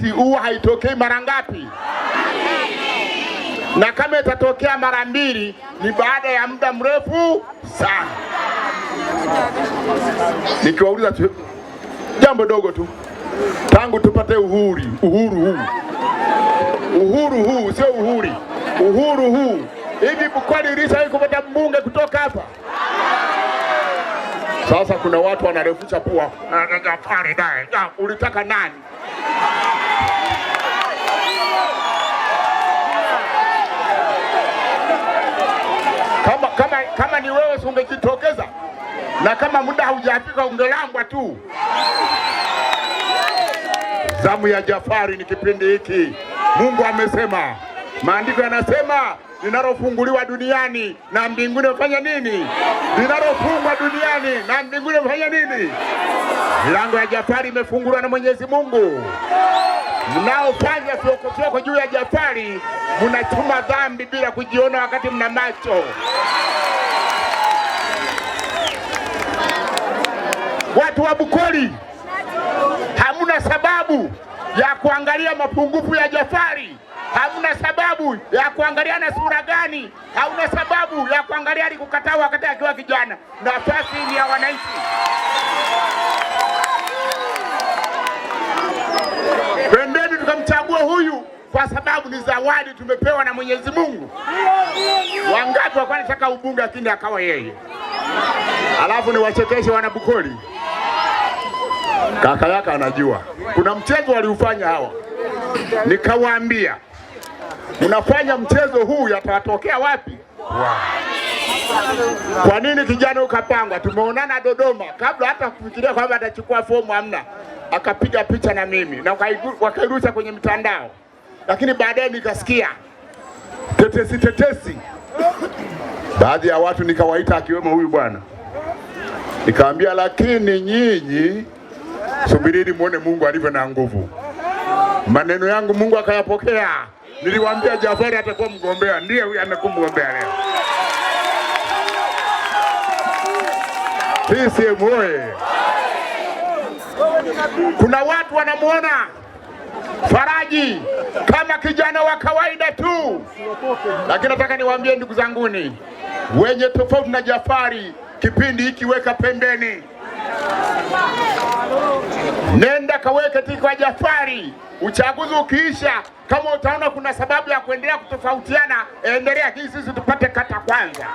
wakati huwa haitokei mara ngapi? Na kama itatokea mara mbili ni baada ya muda mrefu sana. Nikiwauliza jambo dogo tu, tangu tupate uhuru, uhuru huu, uhuru huu sio uhuri, uhuru huu, hivi Bukwali ilishawahi kupata mbunge kutoka hapa? Sasa kuna watu wanarefusha pua, ulitaka nani? Kama, kama, kama ni wewe ungejitokeza na kama muda haujafika ungelangwa tu. Zamu ya Jafari ni kipindi hiki. Mungu amesema, maandiko yanasema linalofunguliwa duniani na mbinguni fanya nini? Linalofungwa duniani na mbinguni fanya nini? Milango ya Jafari imefunguliwa na Mwenyezi Mungu mnaofanya sokochoko juu ya Jafari, mnachuma dhambi bila kujiona wakati mna macho. Watu wa Bukoli, hamuna sababu ya kuangalia mapungufu ya Jafari, hamuna sababu ya kuangalia na sura gani, hauna sababu ya kuangalia alikukataa wakati akiwa kijana. Nafasi ni ya wananchi. sababu ni zawadi tumepewa na Mwenyezi Mungu. Wangapi walikuwa wanataka ubunge lakini akawa yeye. Alafu ni wachekeshe wana Bukoli, kaka yake anajua kuna mchezo waliufanya hawa, nikawaambia unafanya mchezo huu, yatawatokea wapi? Kwa nini kijana ukapangwa? Tumeonana Dodoma, kabla hata kufikiria kwamba atachukua fomu, hamna, akapiga picha na mimi na wakairusha kwenye mitandao lakini baadaye nikasikia tetesi tetesi, baadhi ya watu nikawaita, akiwemo huyu bwana, nikaambia lakini nyinyi subirini muone Mungu alivyo na nguvu. Maneno yangu Mungu akayapokea. Niliwaambia Jafari atakuwa mgombea, ndiye huyu amekuwa leo. CCM oye! Kuna watu wanamuona Faraji kama kijana wa kawaida tu, lakini nataka niwaambie ndugu zanguni, wenye tofauti na Jafari kipindi hiki weka pembeni, nenda kaweke tiki kwa Jafari. Uchaguzi ukiisha, kama utaona kuna sababu ya kuendelea kutofautiana, endelea hii, sisi tupate kata kwanza.